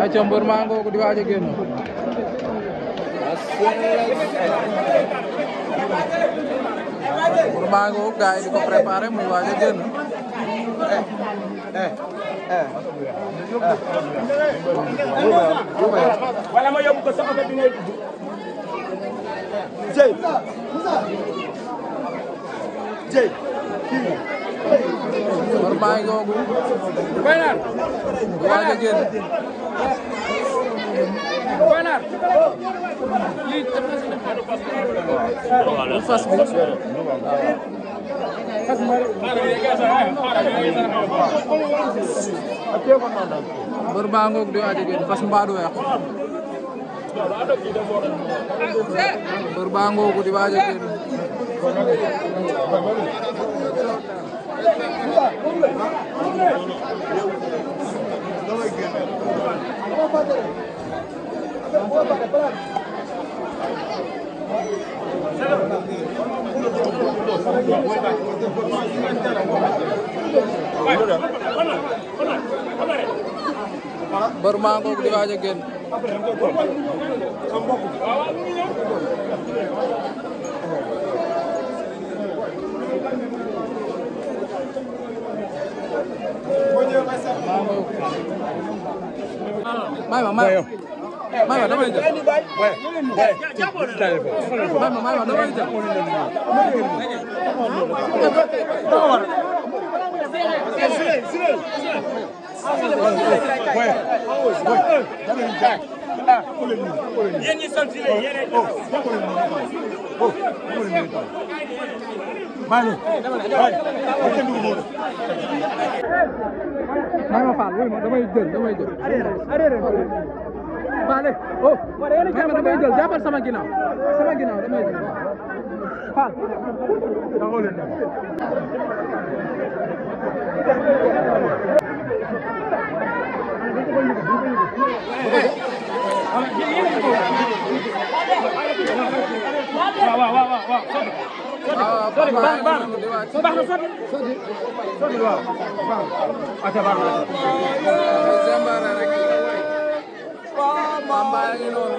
ayca mbër maa ngoogu di waaj a génn mbër maa ngoogu gars yi di ko préparé muy waaj a génn wala ma yóbbu ko sama bi ne jëy jëy war maa ngi googu waaja génn Banaar lii baa ngoog di waaja génn fas mbaa baa ngoogu di waaja génn Mbër maa ngoog di waaj a may ma may ma may ma damay jël may ma may ma damay jël yéen ñi sol si la yéen ay maa ngi ma faal wéy ma damay jël damay jël. faale oh man damay jël jàppal sama ginnaaw sama ginnaaw damay jël faal. waaw waaw waaw waaw sotti baax na baax na baax na sotti sotti waaw baax na acca baax na acca bambara rek bambara ngi noonu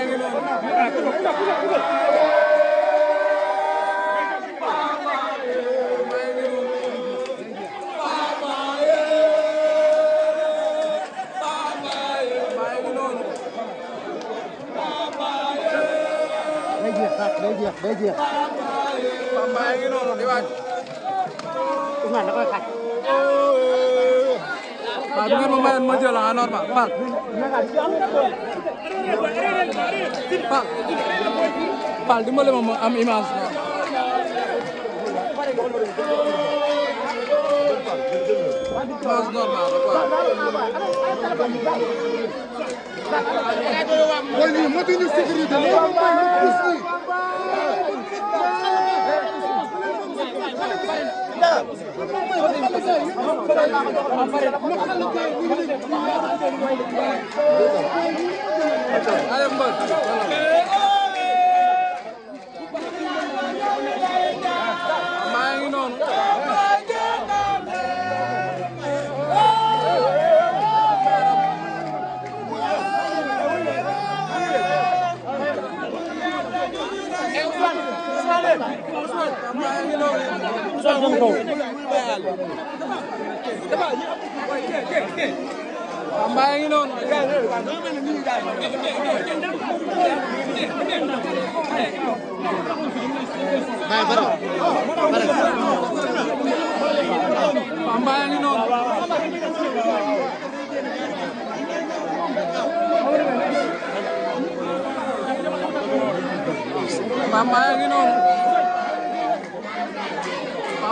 day jeex day jeex. Bamba yaa ngi noonu di waaj. Ousmane da koy xaaj. waaw bu ngeen ma mayoon ma jël ah normal Pall. Pall Pall dimbale ma ma am image normal normal quoi. maa ngi noonu Let's go. Mbaa ngi noonu Mbaa ngi noonu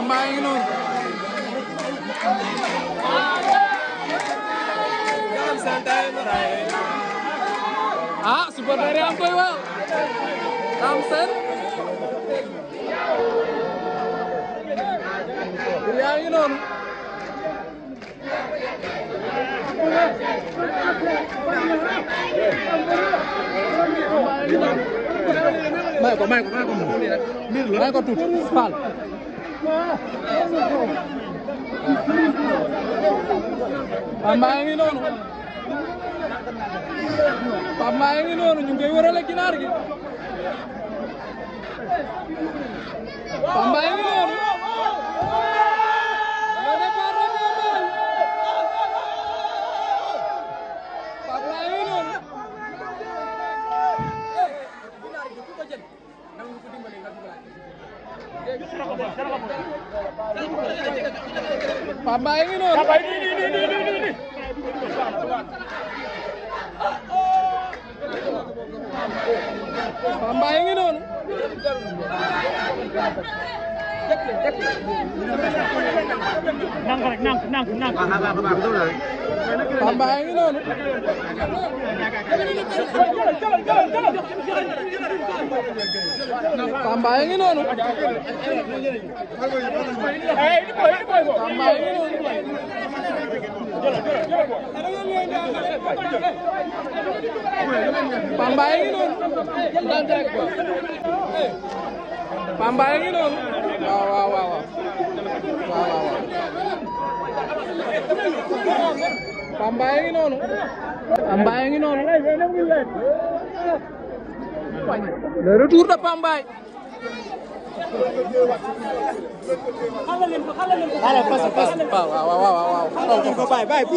Mbaa ngi noonu ah supporter yi am koy waaw am seen yaa ngi noonu may ko may ko may ko tuuti faal Pape Mbaye ngi noonu Pape Mbaye ngi noonu ñu ngi koy wërale ginaar gi Pape Mbaye Pamba yi ngi noonu. Pamba yi nii nii nank rek nank nank nank Bamba ngi noonu Bamba ngi noonu waaw waaw waaw waaw Pamba yi ngi noonu. Pamba yi ngi noonu. le retour de Pambaay. allez passe passe waaw waaw waaw waaw. waaw ko bàyyi bàyyi pousse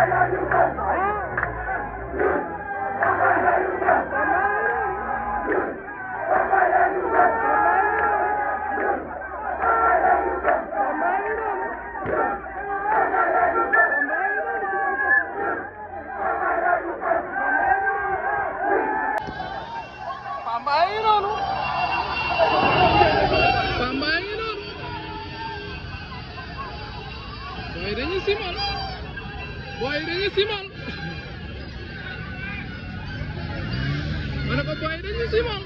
Pambayi noonu pambayi noonu booy dañu simal ma ne ko booy dañu simal